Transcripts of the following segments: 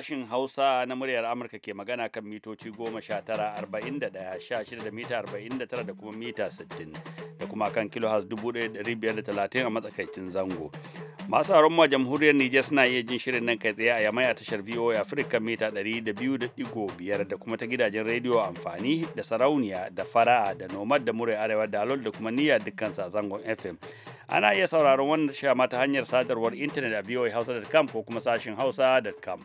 Sashin Hausa na muryar Amurka ke magana kan mitoci 19-41-16 da mita 49 da kuma mita 60 da kuma kan kilohaz 1530 a matsakaicin zango. Masu haron ma jamhuriyar Nijar suna iya jin shirin nan kai tsaye a yamai a tashar VOA Africa mita 200.5 da kuma ta gidajen rediyo amfani da sarauniya da fara'a da nomad da murai arewa da alol da kuma niyya dukkan sa zangon FM. Ana iya sauraron wannan shama ta hanyar sadarwar intanet a voahausa.com ko kuma sashin hausa.com.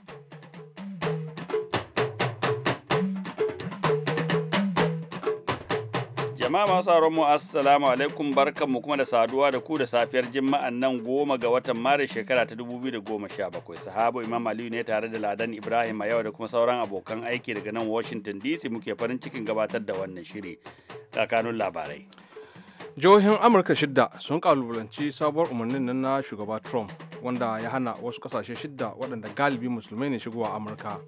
Jama'a masu sauran mu assalamu alaikum barkanmu kuma da saduwa da ku da safiyar jima'an nan goma ga watan Maris shekara ta 2017. Sahabo Imam Aliyu ne tare da Ladan Ibrahim a yau da kuma sauran abokan aiki daga nan Washington DC muke farin cikin gabatar da wannan shiri. Kakanun labarai. Jihohin Amurka shidda sun kalubalanci sabuwar umarnin nan na shugaba Trump wanda ya hana wasu kasashe shidda waɗanda galibi musulmai ne shigowa Amurka.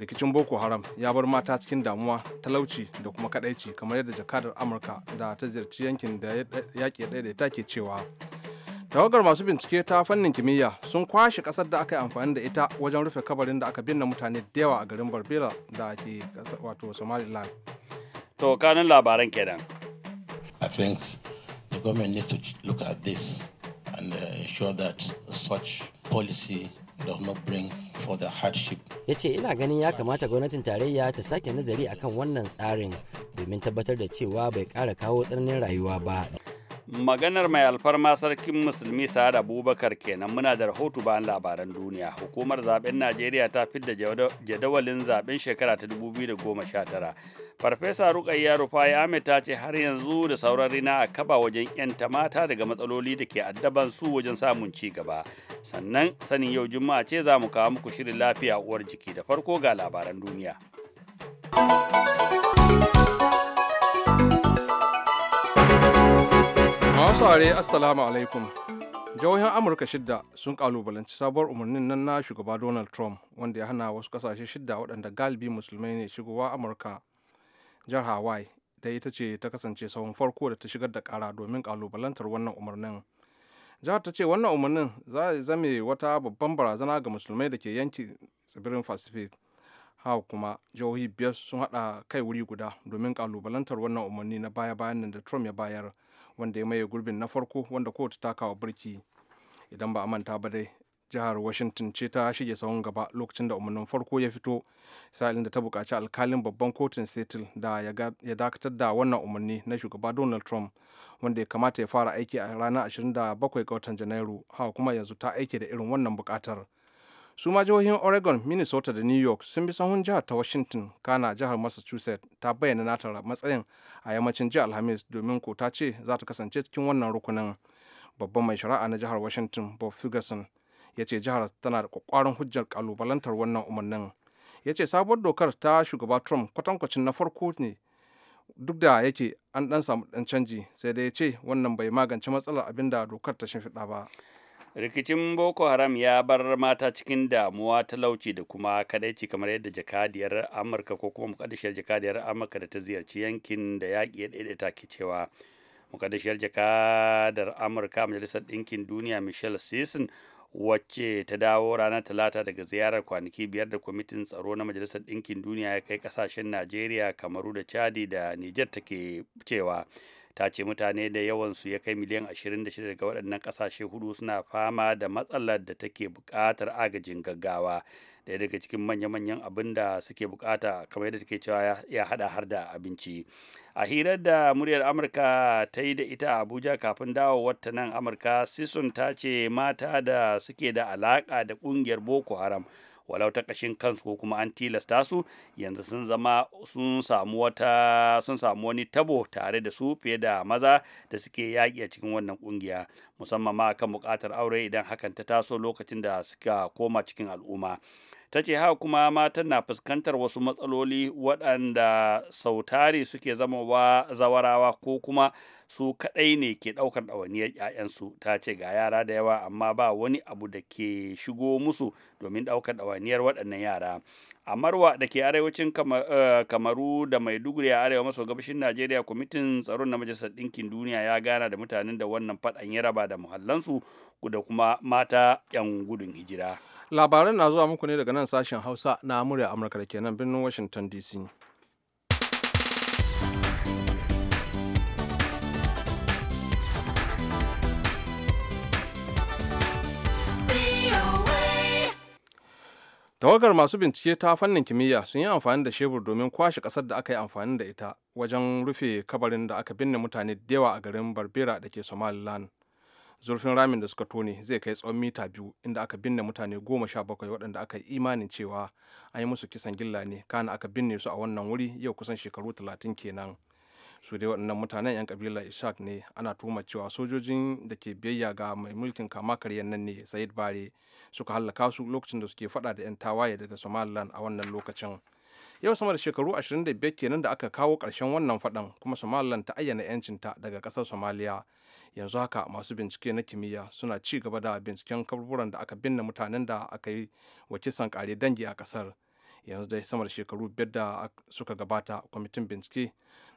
rikicin boko haram ya bar mata cikin damuwa talauci da kuma kadaici kamar yadda jakadar amurka da ta ziyarci yankin da yaƙi daidaita ke cewa tawagar masu bincike ta fannin kimiyya sun kwashe kasar da aka yi amfani da ita wajen rufe kabarin da aka binne mutane da yawa a garin barbera da ke wato somaliland to kanin labaran kenan i think the government needs to look at this and uh, ensure that such policy Ya ce ina ganin ya kamata gwamnatin tarayya ta sake nazari akan wannan tsarin domin tabbatar da cewa bai kara kawo tsananin rayuwa ba. maganar mai alfarma sarkin musulmi sa'ad abubakar kenan muna da rahoto bayan labaran duniya hukumar zaben najeriya ta fidda jadawalin zaben shekara ta 2019 farfesa rukayya rufai ahmed ta ce har yanzu da sauran rina a kaba wajen yanta mata daga matsaloli da ke addaban su wajen samun ci gaba sannan sanin yau juma'a ce za mu kawo muku shirin lafiya uwar jiki da farko ga labaran duniya saurare assalamu alaikum jihohin amurka shidda sun kalubalanci sabuwar umarnin nan na shugaba donald trump wanda ya hana wasu kasashe shidda waɗanda galibi musulmai ne shigowa amurka jihar hawaii da ita ce ta kasance sahun farko da ta shigar da kara domin kalubalantar wannan umarnin jihar ta ce wannan umarnin za a zame wata babban barazana ga musulmai da ke yanki tsibirin pacific haka kuma jihohi biyar sun haɗa kai wuri guda domin kalubalantar wannan umarni na baya-bayan nan da trump ya bayar wanda ya maye gurbin na farko wanda kotu ta kawo birki idan ba a manta ba dai jihar washington ce ta shige sahun gaba lokacin da umarnin farko ya fito sa'ilin da ta bukaci alkalin babban kotun setil da ya dakatar da wannan umarni na shugaba donald trump wanda ya kamata ya fara aiki a ranar 27 ga watan janairu haka kuma yanzu ta aike da irin wannan bukatar. su ma jihohin oregon minnesota da new york sun bi sahun jihar ta washington kana jihar massachusetts ta bayyana nata matsayin a yammacin jihar alhamis domin ko ta ce za ta kasance cikin wannan rukunin babban mai shari'a na jihar washington bob ferguson ya ce jihar tana da kwakwaron hujjar kalubalantar wannan umarnin ya ce sabuwar dokar ta shugaba trump kwatankwacin na farko ne duk da yake an dan samu dan canji sai dai ya ce wannan bai magance matsalar abin da dokar ta shimfiɗa ba rikicin boko haram ya bar mata cikin damuwa talauci da kuma kadaici kamar yadda jakadiyar amurka ko kuma mukaddashiyar jakadiyar amurka da ta ziyarci yankin da yaƙi ya daidaita ke cewa mukaddashiyar jakadar amurka majalisar ɗinkin duniya michelle sisson wacce ta dawo ranar talata daga ziyarar kwanaki biyar da kwamitin tsaro na majalisar ɗinkin duniya ya kai ƙasashen najeriya kamaru da chadi da niger take cewa ta ce mutane da yawansu ya kai miliyan 26 daga waɗannan ƙasashe hudu suna fama da matsalar da take buƙatar agajin gaggawa daya daga cikin manya-manyan abin da suke bukata kamar yadda take cewa ya haɗa har da abinci a hirar da muryar amurka ta yi da ita a abuja kafin dawowar ta nan amurka sison ta ce mata da suke da alaƙa da ƙungiyar boko haram walau ta kashin kansu ko kuma an tilasta su yanzu sun zama sun samu wata sun samu wani tabo tare da su fiye da maza da suke yaƙi a cikin wannan ƙungiya musamman ma kan buƙatar aure idan hakan ta taso lokacin da suka koma cikin al'umma ta ce haka kuma matan na fuskantar wasu matsaloli waɗanda sautari suke zama wa zawarawa ko kuma su kaɗai ne ke ɗaukar ɗawainiyar 'ya'yansu ta ce ga yara da yawa amma ba wani abu da ke shigo musu domin ɗaukar ɗawainiyar waɗannan yara a marwa da ke arewacin eh, kamaru da maiduguri a arewa maso gabashin najeriya kwamitin tsaron na majalisar ɗinkin duniya ya gana da mutanen da wannan faɗan ya raba da muhallansu da kuma mata 'yan gudun hijira labaran na zuwa muku ne daga nan sashen hausa na murya amurka da kenan birnin washington dc tawagar masu bincike ta fannin kimiyya sun yi amfani da shebur domin kwashe kasar da aka yi amfani da ita wajen rufe kabarin da aka binne mutane da yawa a garin barbera da ke somaliland zurfin ramin da suka tone zai kai tsawon mita biyu inda aka binne mutane goma sha bakwai waɗanda aka yi imanin cewa an yi musu kisan gilla ne kana aka binne su a wannan wuri yau kusan shekaru talatin kenan su dai waɗannan mutanen 'yan kabilar ishaq ne ana tuhumar cewa sojojin da ke biyayya ga mai mulkin kama karyar nan ne sayid bare suka hallaka su lokacin da suke faɗa da 'yan tawaye daga somaliland a wannan lokacin yau sama da shekaru 25 kenan da aka kawo ƙarshen wannan faɗan kuma somaliland ta ayyana 'yancinta daga ƙasar somaliya yanzu haka masu bincike na kimiyya suna ci gaba da binciken kaburburan da aka binne mutanen da aka yi wa kisan kare dangi a kasar yanzu dai samar shekaru biyar da suka gabata kwamitin bincike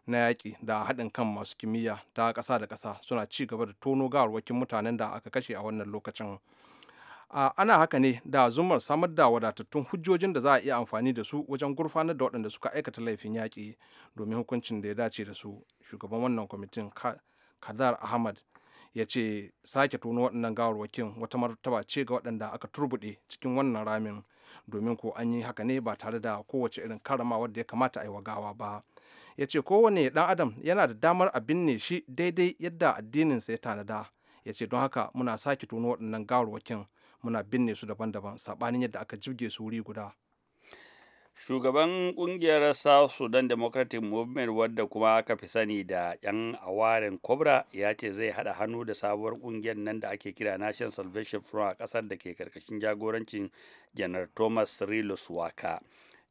na yaƙi da haɗin kan masu kimiyya ta ƙasa da ƙasa suna ci gaba da tono gawarwakin mutanen da aka kashe a wannan lokacin ana haka ne da zumar samar da wadatattun hujjojin da za a iya amfani da su wajen gurfanar da waɗanda suka aikata laifin yaƙi domin hukuncin da ya dace da su shugaban wannan kwamitin kadar ahmad ya ce sake tono waɗannan gawarwakin wata martaba ce ga waɗanda aka turbuɗe cikin wannan ramin domin ko an yi haka ne ba tare da kowace irin karama wadda ya kamata a yi wa gawa ba ya ce kowane ɗan adam yana da damar a binne shi daidai yadda addininsa ya tanada ya ce don haka muna sake tono waɗannan gawarwakin muna binne su daban-daban saɓanin yadda aka jibge su wuri guda shugaban kungiyar south sudan democratic movement wadda kuma aka fi sani da yan awarin cobra ya ce zai hada hannu da sabuwar kungiyar nan da ake kira national salvation front a kasar da ke karkashin jagorancin janar thomas rilus waka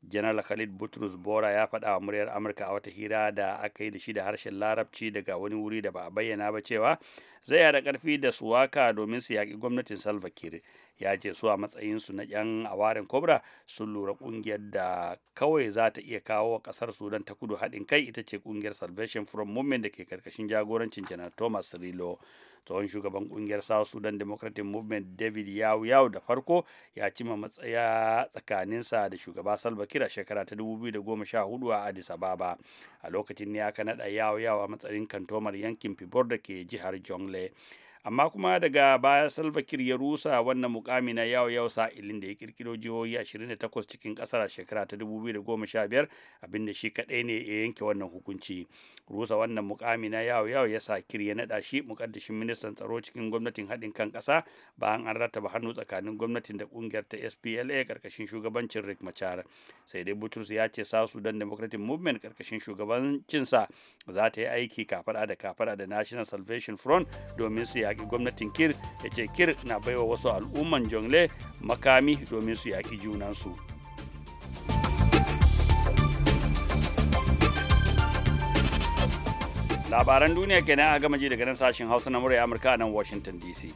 janar khalid butrus bora ya faɗa wa muryar amurka a wata hira da aka yi da shi da harshen larabci daga wani wuri da ba a bayyana ba cewa zai haɗa ƙarfi da suwaka domin su yaƙi gwamnatin salva kiir ya ce su a matsayinsu na 'yan awarin kobra sun lura ƙungiyar da kawai za ta iya kawo wa ƙasar sudan ta kudu haɗin kai ita ce ƙungiyar salvation from movement da ke karkashin jagorancin janar thomas rilo tsohon shugaban ƙungiyar south sudan democratic movement david yawu yawu da farko ya cima matsaya tsakaninsa da shugaba salva a shekara ta 2014 a addis ababa a lokacin ne aka naɗa yawu yawu a matsayin kantomar yankin pibor da ke jihar jong Chile amma kuma daga baya salva kiir ya rusa wannan mukami na yawo yawo sa'ilin da ya kirkiro jihohi 28 cikin kasar shekara ta 2015 abinda shi kadai ne ya yanke wannan hukunci rusa wannan mukami na yawo yawo ya sa kiir ya nada shi mukaddashin ministan tsaro cikin gwamnatin haɗin kan ƙasa bayan an rattaba hannu tsakanin gwamnatin da kungiyar ta SPLA karkashin shugabancin Rick Machar sai dai Butrus ya ce sa su Sudan Democratic Movement karkashin shugabancinsa za ta yi aiki kafada da kafada da National Salvation Front domin su yaƙi gwamnatin kir ya ce kir na baiwa wasu al'umman jongle makami domin su yaƙi junansu labaran duniya kenan a gama ji daga nan sashen hausa na murya amurka a nan washington dc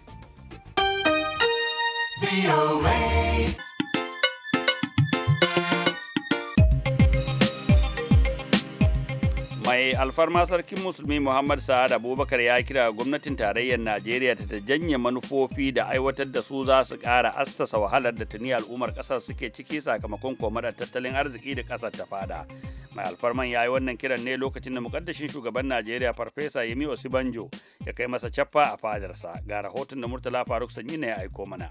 alfarma sarkin musulmi muhammad sa'ad abubakar ya kira gwamnatin tarayyar najeriya da ta janye manufofi da aiwatar da su za su ƙara assasa wahalar da tuni al'ummar kasar suke ciki sakamakon komadar tattalin arziki da kasar ta fada mai alfarman ya yi wannan kiran ne lokacin da mukaddashin shugaban najeriya farfesa yemi osibanjo ya kai masa cappa a fadarsa ga rahoton da murtala faruk sanyi ne ya aiko mana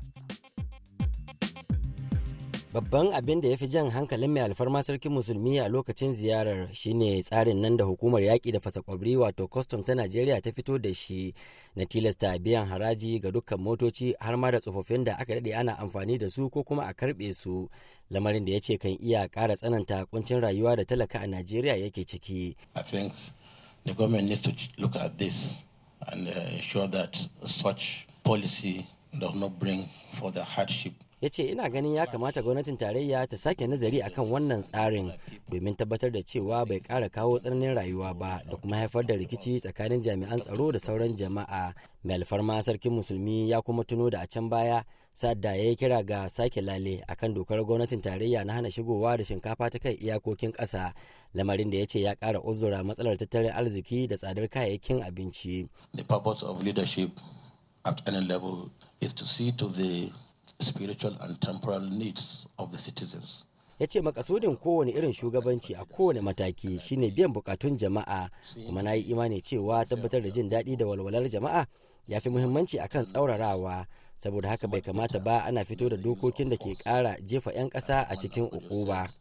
Babban abin da ya fi jan hankalin mai alfarma sarkin musulmi a lokacin ziyarar shine tsarin nan da hukumar yaƙi da kwabri wato custom ta Najeriya ta fito da shi na tilasta biyan haraji ga dukkan motoci har ma da tsofaffin da aka daɗe ana amfani da su ko kuma a karɓe su lamarin da ya ce kan iya ƙara tsananta kuncin rayuwa da talaka a Najeriya yake ciki. I the government needs to at this and uh, that such policy does not bring further hardship ya ce ina ganin ya kamata gwamnatin tarayya ta sake nazari akan wannan tsarin domin tabbatar da cewa bai kara kawo tsananin rayuwa ba da kuma haifar da rikici tsakanin jami'an tsaro da sauran jama'a mai alfarma sarkin musulmi ya kuma tuno da a can baya sadda ya yi kira ga sake lale akan dokar gwamnatin tarayya na hana shigowa da shinkafa ta kan iyakokin ƙasa lamarin da ya ce ya kara uzura matsalar tattalin arziki da tsadar kayayyakin abinci. The purpose of leadership at any level is to see to the spiritual and temporal needs of the citizens. ya ce makasudin kowane irin shugabanci a kowane mataki shine biyan bukatun jama'a kuma na yi imani cewa tabbatar da jin daɗi da walwalar jama'a ya fi muhimmanci akan tsaurarawa saboda haka bai kamata ba ana fito da dokokin da ke ƙara jefa 'yan ƙasa a cikin uku ba.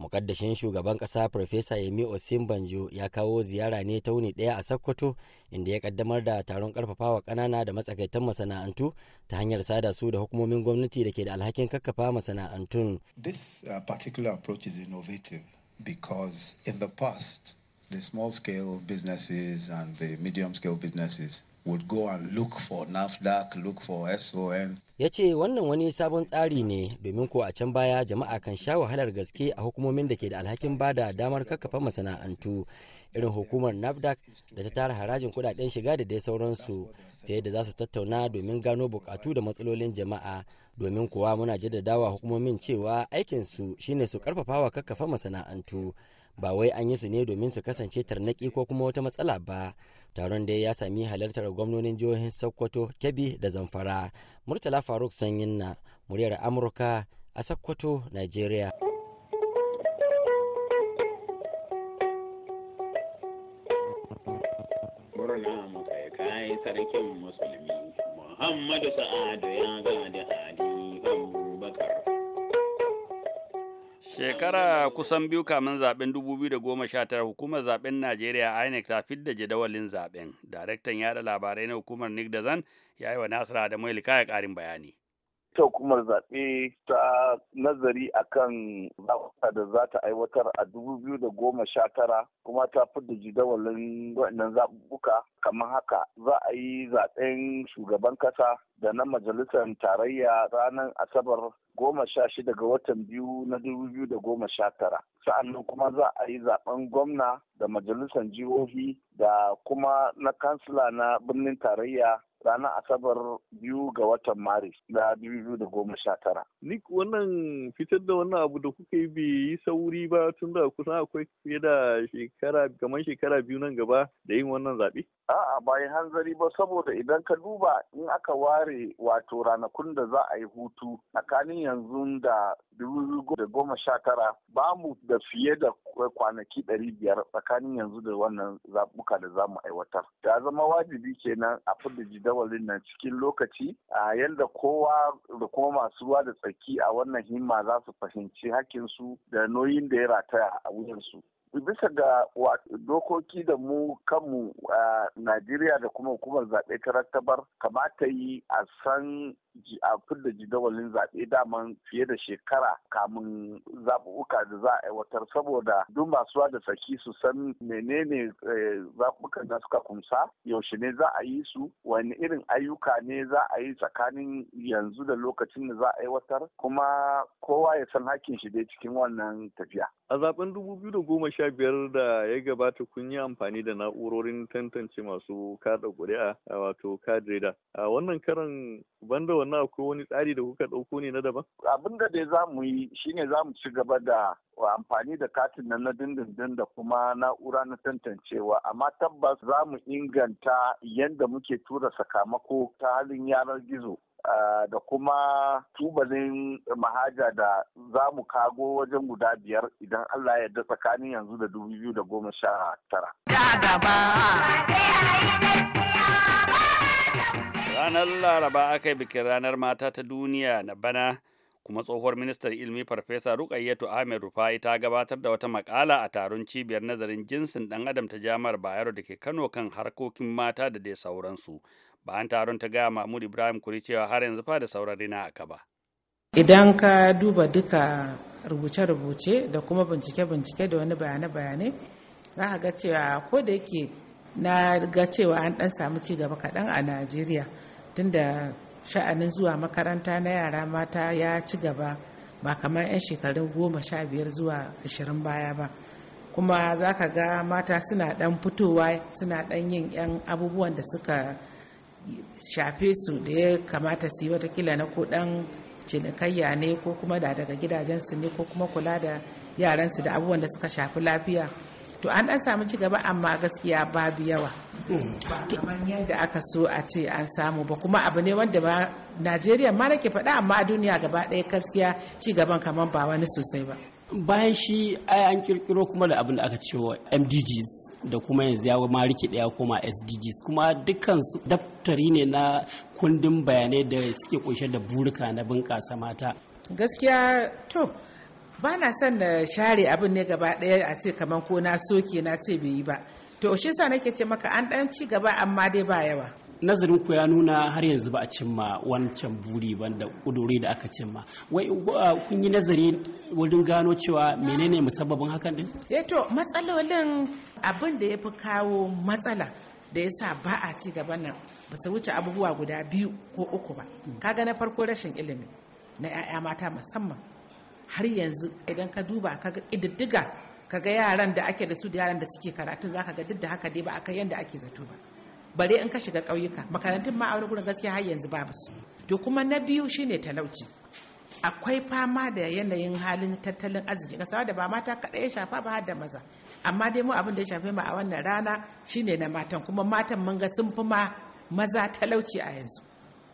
mukaddashin shugaban kasa farfesa yemi banjo ya kawo ziyara ne ta wuni daya a sokoto inda ya kaddamar da taron karfafawa kanana da matsakaitan masana'antu ta hanyar sada su da hukumomin gwamnati da ke da alhakin kakkafa masana'antun this uh, particular approach is innovative because in the past the small scale businesses and the medium scale businesses would go and look for NAFDAC, look for SON. Ya ce wannan wani sabon tsari ne domin ko a can baya jama'a kan sha wahalar gaske a hukumomin da ke da alhakin bada damar kakkafa masana'antu irin hukumar NAFDAC da ta tara harajin kudaden shiga da dai sauransu ta yadda za su tattauna domin gano bukatu da matsalolin jama'a domin kuwa muna jaddadawa hukumomin cewa aikinsu shine su karfafawa kakkafa masana'antu ba wai an yi su ne domin su kasance tarnaki ko kuma wata matsala ba taron dai ya sami halartar gwamnonin jihohin sokoto kebbi da zamfara murtala faruk sanyin na muryar amurka a sokoto nigeria musulmi muhammadu sa'adu ya gada Shekara kusan biyu kamin zaben 2019 hukumar zaben Najeriya INEC ta fidda jadawalin zaben. Daraktan yada labarai na hukumar Nick Dazan ya yi wa Adamu da Mailika ya karin bayani. ita hukumar zaɓe ta nazari akan zaɓuka da za ta aiwatar a tara kuma ta fi da jidawalin waɗannan zaɓuɓɓuka kamar haka za a yi zaɓen shugaban ƙasa da na majalisar tarayya ranar asabar goma sha shida ga watan biyu na dubu biyu da goma sha tara sa'annan kuma za a yi zaɓen gwamna da majalisar jihohi da kuma na kansila na birnin tarayya ranar asabar biyu ga watan maris da biyu da goma sha tara. nik wannan fitar da wannan abu da kuka yi bai yi sauri ba tun da kusan akwai fiye da shekara kamar shekara biyu nan gaba da yin wannan zaɓe? A'a bayan hanzari ba saboda idan ka duba in aka ware wato ranakun da za a yi hutu tsakanin yanzu da goma sha tara ba mu da fiye da kwanaki ɗari biyar tsakanin yanzu da wannan zaɓuka da za mu aiwatar. Ya zama wajibi kenan a fidda jidawalin nan cikin lokaci a yadda kowa da kuma masu ruwa da tsaki a wannan himma za su fahimci hakkinsu da nauyin da ya rataya a wuyansu. bisa ga dokoki da mu kanmu a najeriya da kuma hukumar zaɓe ta rattabar kamata yi a san a fidda jidawalin zaɓe daman fiye da shekara kamun zaɓuɓɓuka da za a aiwatar saboda duk masu da saki su san menene eh, zaɓuɓɓukan da suka kumsa yaushe ne za a yi su wani irin ayyuka ne za a yi tsakanin yanzu da lokacin da za a aiwatar kuma kowa ya san hakkin shi dai cikin wannan tafiya. A zaɓen zaben biyar da ya gabata kun yi amfani da na'urorin tantance masu kada ƙuri'a wato kadreda. A wannan karan banda wannan akwai wani tsari da kuka ɗauko ne na daban? Abin da dai za mu yi shi ne za mu ci gaba da amfani da katin nan na dindindin da kuma na'ura na tantancewa amma tabbas za mu inganta yadda muke tura sakamako ta halin yanar gizo da kuma tubalin mahaja da za mu kago wajen guda biyar idan Allah ya yarda tsakanin yanzu da 2019. ranar laraba aka yi bikin ranar mata ta duniya na bana kuma tsohuwar ministar ilmi farfesa rukayyatu ahmed rufai ta gabatar da wata makala a taron cibiyar nazarin jinsin dan adam ta jami'ar bayero da ke kano kan harkokin mata da dai sauransu bayan taron ta gaya mahmud ibrahim kuri cewa har yanzu fa da saurari na aka ba idan ka duba duka rubuce-rubuce da kuma bincike-bincike da wani bayane-bayane za ka ga cewa ko da yake na ga cewa an dan samu ci gaba kaɗan a najeriya tunda sha'anin zuwa makaranta na yara mata ya ci gaba ba kamar 'yan shekarun goma sha biyar zuwa ashirin baya ba kuma za ka ga mata suna dan fitowa suna dan yin 'yan abubuwan da suka shafe su da ya kamata su yi watakila na ko dan cinikayya ne ko kuma da daga gidajensu ne ko kuma kula da yaransu da abubuwan da suka shafi lafiya to an dan samu ci gaba amma gaskiya babu yawa ba kamar yadda aka so a ce an samu ba kuma abu ne wanda ba najeriya ma nake faɗa amma a duniya gaba ɗaya gaskiya ci gaban kamar ba wani sosai ba bayan shi ai an kirkiro kuma da abin da aka ce wa mdgs da kuma yanzu ya ma rike daya koma sdgs kuma dukkansu daftari ne na kundin bayanai da suke kunshe da burika na bunƙasa mata gaskiya to ba na son na share abin ne gaba ɗaya a ce kamar ko na soke na ce bai yi ba to shi sa nake ce maka an ɗan ci gaba amma dai ba yawa nazarin ku ya nuna har yanzu ba a cimma wancan buri da kuduri da aka cimma wai kun yi nazari wurin gano cewa menene musabbabin hakan din eh to matsalolin abin da ya fi kawo matsala da ya sa ba a ci gaba nan ba su wuce abubuwa guda biyu ko uku ba hmm. kaga na farko rashin ilimi na 'ya'ya mata musamman har yanzu idan ka duba ka ga ƙididdiga ka ga yaran da ake da su da yaran da suke karatu za ka ga duk da haka dai ba a kai yanda ake zato ba bare in ka shiga ƙauyuka makarantun ma aure gurin gaskiya har yanzu babu su to kuma na biyu shine talauci akwai fama da yanayin halin tattalin arziki kasa da ba mata kaɗai ya shafa ba har da maza amma dai mu abin da ya shafe mu a wannan rana shine na matan kuma matan mun ga sun fi ma maza talauci a yanzu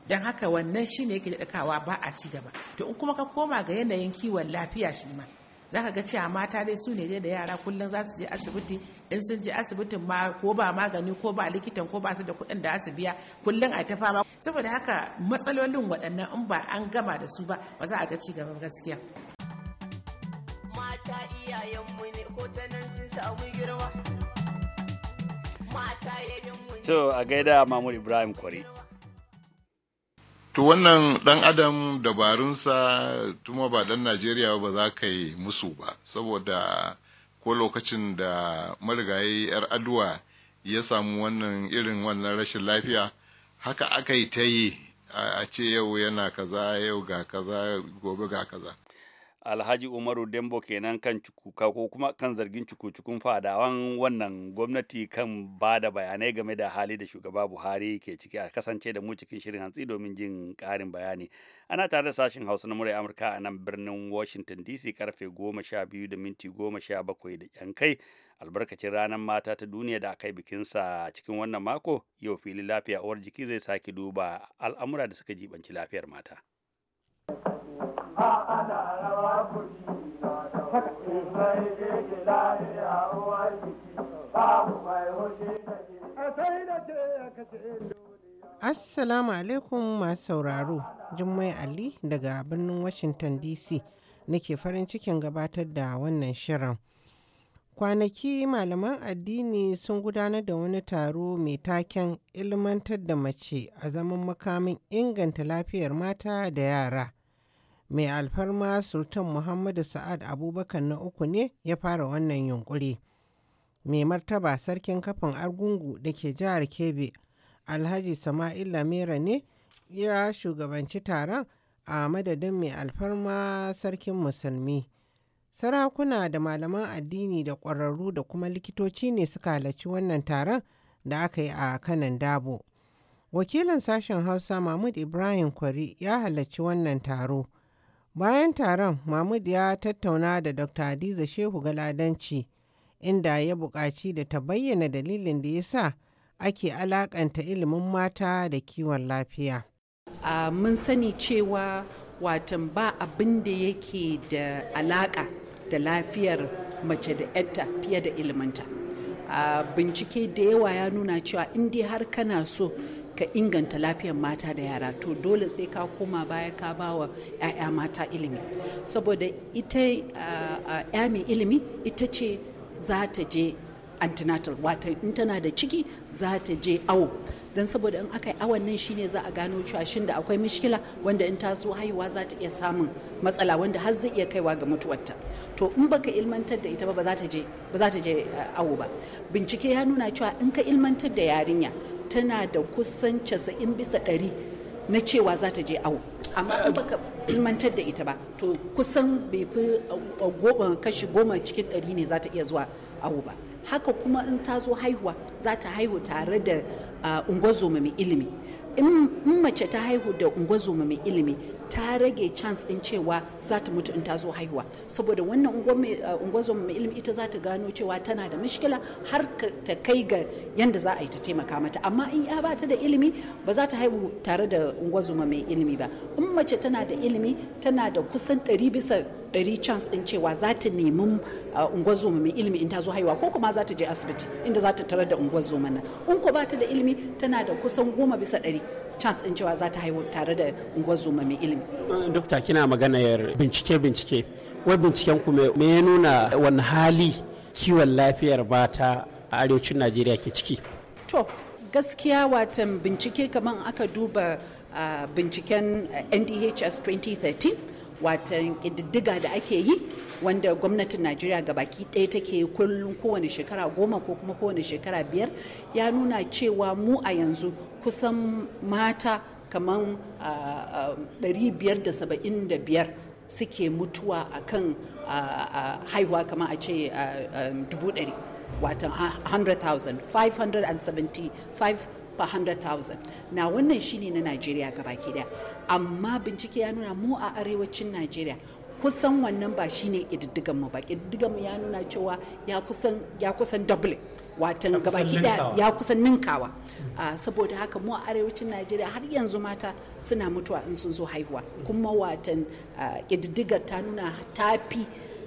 don haka wannan shi ne yake daɗakawa ba a ci gaba to in kuma ka koma ga yanayin kiwon lafiya shi ma za ka ga cewa mata dai su ne dai da yara kullum za su je asibiti in sun je asibitin ma ko ba magani ko ba likitan ko ba su da kuɗin da su biya kullum a ta fama saboda haka matsalolin waɗannan in ba an gama da su ba ba za a ga ci gaba gaskiya mata iyayenmu ne ko ta nan sun samu girma mata iyayenmu ne to a gaida mamur ibrahim kwari to wannan dan adam dabarunsa tuma ba dan najeriya ba za ka yi musu ba saboda ko lokacin da marigayi yar aduwa ya samu wannan irin wannan rashin lafiya haka aka yi ta yi a ce yau yana kaza yau ga kaza gobe ga kaza alhaji umaru dembo kenan kan cukuka ko kuma kan zargin cukucukun fadawan wannan gwamnati kan ba da bayanai game da hali da shugaba buhari ke ciki a kasance da mu cikin shirin hantsi domin jin karin bayani ana tare da sashen hausa na murai amurka a nan birnin washington dc karfe goma sha biyu da minti goma sha bakwai da yan kai albarkacin ranar mata ta duniya da aka yi bikinsa cikin wannan mako yau fili lafiya uwar jiki zai sake duba al'amura da suka jibanci lafiyar mata. Assalamu alaikum masu sauraro, Jummai Ali daga birnin Washington DC nake farin cikin gabatar da wannan shirin. Kwanaki malaman addini sun gudanar da wani taro mai taken ilmantar da mace a zaman makamin inganta lafiyar mata da yara mai alfarma sultan muhammadu sa'ad abubakar na uku ne ya fara wannan yunkuri mai martaba sarkin kafin argungu da ke jihar Kebe. alhaji sama'il lamira ne ya shugabanci taron a madadin mai alfarma sarkin musulmi sarakuna da malaman addini da ƙwararru da kuma likitoci ne suka halarci wannan taron da aka yi a kanan dabo wakilin sashen hausa mahmud ibrahim kwari ya halarci wannan taro Bayan taron, Mahmud ya tattauna da Dr. Hadiza Shehu Galadanci, inda ya buƙaci da ta bayyana dalilin da ya sa ake alaƙanta ilimin mata da kiwon lafiya. Uh, Mun sani cewa watan ba abin da yake da alaƙa da lafiyar mace da yatta fiye da iliminta. Uh, bincike da yawa ya nuna cewa in har kana so ka inganta lafiyar mata da yara to dole sai ka koma baya ka ba wa 'ya'ya mata ilimi saboda ita ah, ah, 'ya mai ilimi ita ce za ta je antenatal wata in tana da ciki za ta je awo don saboda in aka yi awan nan shine za a gano cewa shin da akwai mishkila wanda in ta zo haihuwa za ta iya samun matsala wanda har zai iya kaiwa ga mutuwarta to in baka ilmantar da ita ba za ta je ba za ta je eh, awo ba bincike ya nuna cewa in ka ilmantar da yarinya tana da kusan 90 bisa 100 na cewa za ta je awo amma in baka ilmantar da ita ba to kusan bai fi eh, kashi goma cikin ɗari ne za ta iya zuwa awo ba haka kuma in ta zo haihuwa za ta haihu tare da ah, ungozoma mai ilimi in mace ta haihu da ungozoma mai ilimi ta rage chance din cewa za ta mutu in ta zo haihuwa saboda wannan eh, ungozoma mai ilimi ita za ta gano cewa tana da mishkila har ta kai ga yanda za a yi ta taimaka mata amma in ya ba ta da ilimi ba za ta haihu tare da ungozoma mai ilimi ba in mace tana da ilimi tana da kusan ɗari bisa ɗari chance din cewa za ta nemi eh, ungozoma mai ilimi in ta zo haihuwa ko kuma za ta je asibiti inda za ta tarar da ungozoma nan in ko ba ta da ilimi tana da kusan goma bisa ɗari chance in cewa za ta haihu tare da unguwar mai ilimi. Ah, dokta kina maganar bincike-bincike. Wai binciken ku me ya nuna wani hali kiwon lafiyar bata a arewacin Najeriya ke ciki? To, gaskiya watan bincike kamar aka duba ah, binciken eh, NDHS 2013 watan ƙididdiga da ake yi wanda gwamnatin najeriya gabaki ɗaya take kullum kowane shekara goma ko kuma kowane shekara biyar ya nuna cewa mu a yanzu kusan mata kamar 575 suke mutuwa a kan haihuwa kamar a ce 100,000 watan 100,000 575 per 100,000 na wannan shine na najeriya gabaki daya amma bincike ya nuna mu a arewacin najeriya kusan wannan ba shine kididdigan mu ba kididdigan mu ya nuna cewa ya kusan double watan gabaki da ya kusan ninkawa ah, saboda haka mu a arewacin najeriya har yanzu mata suna mutuwa in sun zo haihuwa kuma watan ah, ƙididdigan ta nuna tafi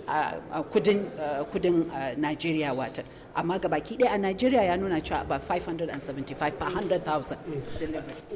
a kudin Najeriya wata amma gabaki ɗaya a Najeriya ya nuna cewa ba 575 per 100,000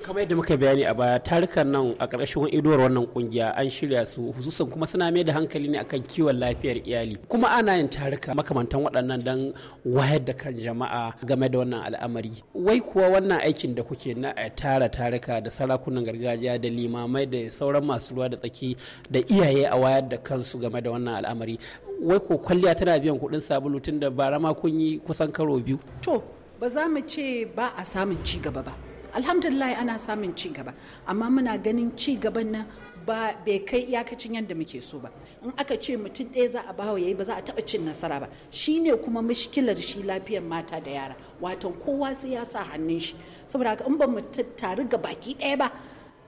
kamar yadda muka bayani a baya tarukan nan a ƙarshen idowar wannan kungiya an shirya su hususan kuma suna mai da hankali ne akan kiwon lafiyar iyali kuma ana yin taruka makamantan waɗannan don wayar da kan jama'a game da wannan al'amari wai kuwa wannan aikin da kuke na a eh, tara taruka da sarakunan gargajiya da limamai da sauran masu ruwa da tsaki da iyaye a wayar da kansu game da wannan al'amari wai ko kwalliya tana biyan kuɗin sabulu tun da bara ma kun yi kusan karo biyu to ba za mu ce ba a samun ci gaba ba alhamdulillah ana samun ci gaba amma muna ganin ci gaban nan ba bai kai iyakacin yadda muke so ba in aka ce mutum ɗaya za a bawa yayi ba za a taɓa cin nasara ba shi ne kuma mushkilar shi lafiyar mata da yara watan kowa sai ya sa hannun shi saboda haka in ba mu tattaru ga baki ɗaya ba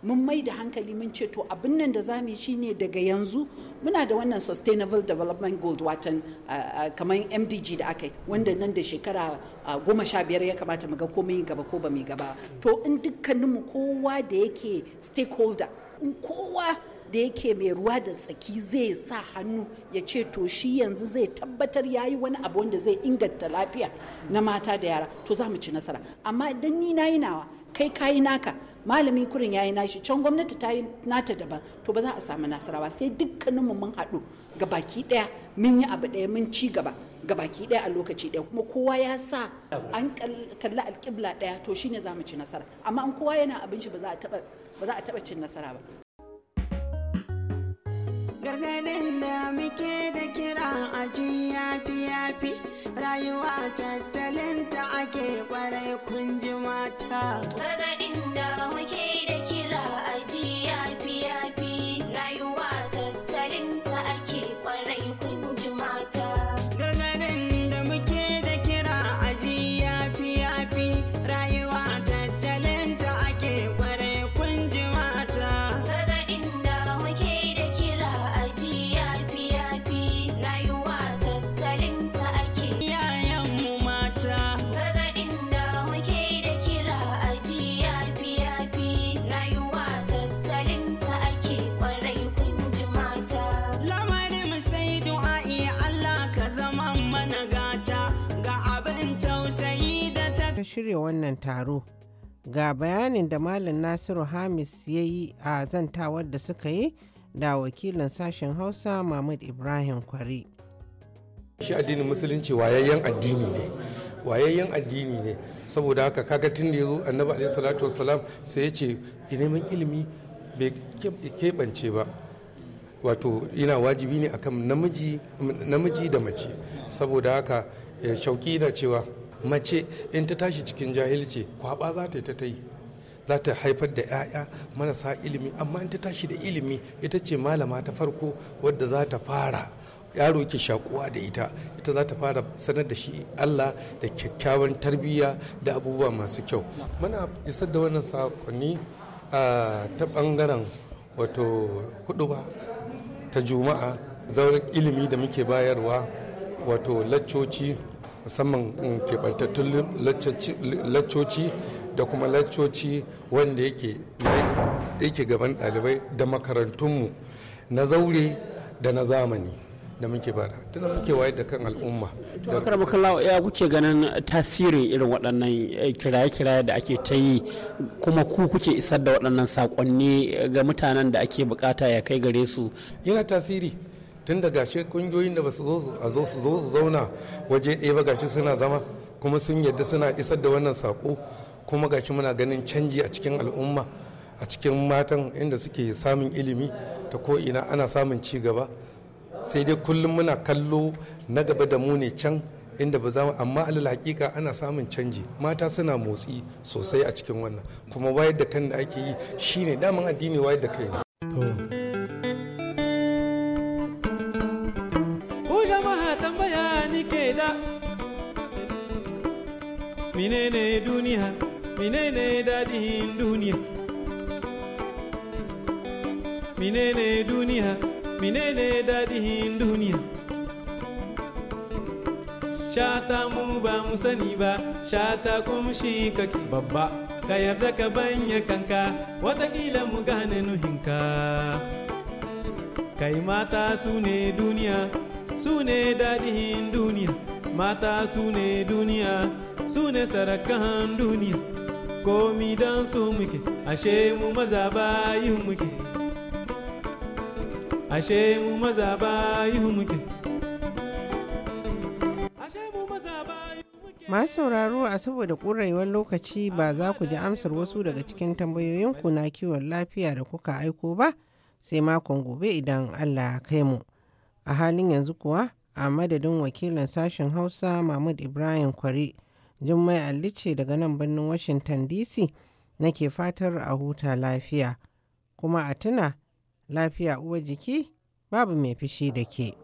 mun mai da hankali mun ce to abin nan da za mu yi shine daga yanzu muna da wannan sustainable development goal watan uh, uh, kamar mdg da aka yi wanda nan da shekara uh, goma sha biyar ya kamata mu ga ko mun gaba ko ba mu gaba to in dukkaninmu kowa da yake stakeholder in kowa da yake mai ruwa da tsaki zai sa hannu ya ce to shi yanzu zai tabbatar ya yi wani abu wanda zai inganta lafiya na mata da yara to za mu ci nasara amma idan ni na yi nawa kai kayi naka malami kurin yayi nashi can gwamnati ta yi nata daban to ba za a samu nasarawa sai dukkaninmu mun haɗu ga baki ɗaya mun yi abu ɗaya mun ci gaba ga baki ɗaya a lokaci ɗaya kuma kowa ya sa an kalli alƙibla ɗaya to shine za mu ci nasara amma an kowa yana abinci shi ba za a taɓa cin nasara ba gargadin da muke da kira a ji yafi yafi rayuwa tattalin ta ake kwarai kun ji mata gargadin da muke da kira a yafi yafi shirya wannan taro ga bayanin da malam nasiru hamis ya yi a zantawar da suka yi da wakilin sashen hausa mahmud ibrahim kwari shi addinin musulunci wayayyen addini ne wayayyen addini ne saboda haka kaga tun da ya zo annabi alaihi salatu wassalam sai ya ce neman ilimi bai keɓance ba wato yana wajibi ne akan namiji da mace saboda haka eh, shauki na cewa mace in ta tashi cikin jahilci kwaba za ta yi ta yi za ta haifar da 'ya'ya marasa ilimi amma in ta tashi da ilimi ita ce malama ta farko wadda za ta fara yaro ke shakuwa da ita ita za ta fara sanar da shi allah da kyakkyawan tarbiyya da abubuwa masu kyau muna isar da wannan sakonni ta bangaren wato huduba ta juma'a zaurin ilimi da muke bayarwa wato laccoci musamman keɓantattun laccoci da kuma laccoci wanda yake gaban ɗalibai da makarantunmu na zaure da na zamani da muke bada tunan muke waye da kan al'umma da ya kuke ganin tasirin irin waɗannan eh, kiraye-kiraye da ake ta yi kuma ku kuke isar da waɗannan saƙonni ga mutanen da ake bukata ya kai gare su yana tasiri tun da gashe kungiyoyin da ba su zo su zauna waje ɗaya ba gashi suna zama kuma sun yadda suna isar da wannan sako kuma gashi muna ganin canji a cikin al'umma a cikin matan inda suke samun ilimi ta ko'ina ana samun ci gaba sai dai kullum muna kallo na gaba da mu ne can inda ba za mu amma alal hakika ana samun canji mata suna motsi sosai a cikin wannan kuma wayar da kan da ake yi shine daman addini wayar da kai ne minene duniya minene daɗin duniya minene duniya minene daɗin duniya shata mu ba sani ba shata kumshi kake babba ka yarda ka banya kanka watakila mu gane nuhinka kai mata su ne duniya Sune ne daɗin duniya mata su duniya su ne sarakan duniya komi don su muke ashe mu maza bayin muke ashe mu maza bayin muke masu sauraro a saboda ƙurewar lokaci ba za ku ji amsar wasu daga cikin tambayoyinku na kiwon lafiya da kuka aiko ba sai makon gobe idan allah kai mu. A halin yanzu kuwa a madadin wakilin sashen Hausa Mahmud Ibrahim Kwari, Jummai Ali ce daga nan birnin Washington DC nake fatar a huta lafiya. Kuma a tuna lafiya uwar jiki babu mai fishi da ke.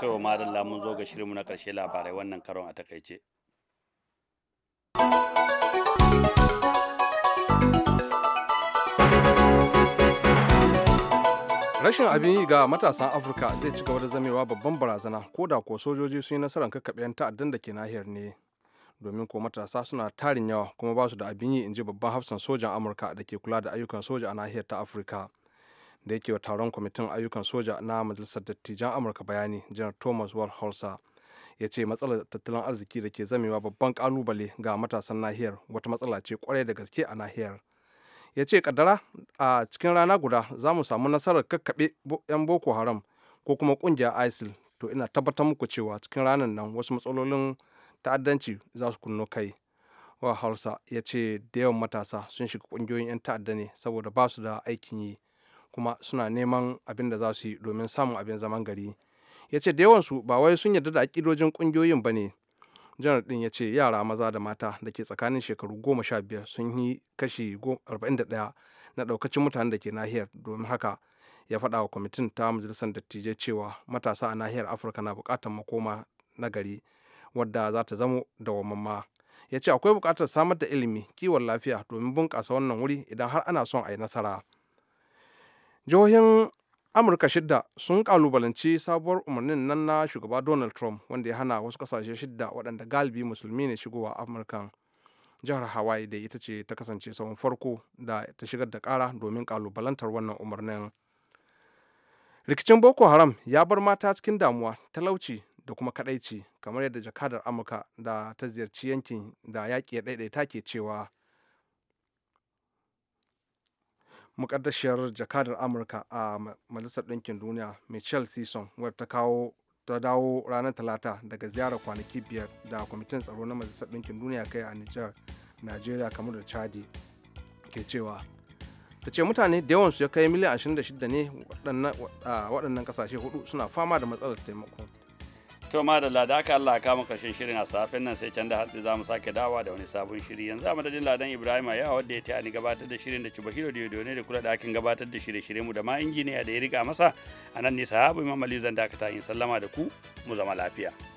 To, madalla mun zo ga shirinmu na ƙarshe labarai wannan karon a takaice. rashin abin yi ga matasan afirka zai ci gaba da zamewa babban barazana ko da ko sojoji sun yi nasarar kakkaɓe ta'addan da ke nahiyar ne domin ko matasa suna tarin yawa kuma ba su da abin yi in ji babban hafsan sojan amurka da ke kula da ayyukan soja a nahiyar ta afirka da yake wa taron kwamitin ayyukan soja na majalisar dattijan amurka bayani janar thomas warholsa ya ce matsalar tattalin arziki da ke zamewa babban kalubale ga matasan nahiyar wata matsala ce kwarai da gaske a nahiyar ya ce kaddara a cikin rana guda za mu samu nasarar kakkaɓe 'yan boko haram ko kuma ƙungiyar isil to ina tabbatar muku cewa cikin ranar nan wasu matsalolin ta'addanci za su kunno kai wa hausa ya ce da yawan matasa sun shiga ƙungiyoyin 'yan ta'adda ne saboda ba su da aikin yi kuma suna neman abin da za su yi domin samun abin zaman gari ya ce da yawansu ba wai sun yarda da aƙidojin ƙungiyoyin ba ne janar din ya ce yara maza da mata da ke tsakanin shekaru goma sha biyar sun yi kashi 41 na daukacin mutane da ke nahiyar domin haka ya faɗa wa kwamitin ta majalisar dattijai cewa matasa a nahiyar afirka na bukatar makoma nagari wadda za ta zamo dawamamma ya ce akwai bukatar samar da ilimi kiwon lafiya domin bunƙasa wannan wuri idan har ana son a yi nasara jihohin amurka shidda sun kalubalanci sabuwar umarnin nan na shugaba donald trump wanda ya hana wasu kasashe shidda waɗanda galibi musulmi ne shigowa amurkan jihar hawaii da ita ce ta kasance tsawon farko da ta shigar da kara domin kalubalantar wannan umarnin rikicin boko haram ya bar mata cikin damuwa talauci da kuma kadaici kamar yadda jakadar amurka da ta ziyarci yankin da yaƙi ya ɗaiɗaita ke cewa mukaddashiyar jakadar amurka a majalisar ɗinkin duniya michelle season wadda ta kawo ta dawo ranar talata daga ziyarar kwanaki biyar da kwamitin tsaro na majalisar ɗinkin duniya kai a nijar najeriya kamar da chadi ke cewa ta ce mutane da yawansu ya kai miliyan 26 ne waɗannan ƙasashe hudu suna fama da matsalar taimako to ma da lada aka Allah kama karshen shirin a safen nan sai can da hatsi za mu sake dawa da wani sabon shiri yanzu a madadin ladan ibrahim ya wadda ya taya gabatar da shirin da cibahiro da ne da kula da akin gabatar da shirye-shirye mu da ma injiniya da ya rika masa a nan ne sahabu imam ali zan dakata in sallama da ku mu zama lafiya.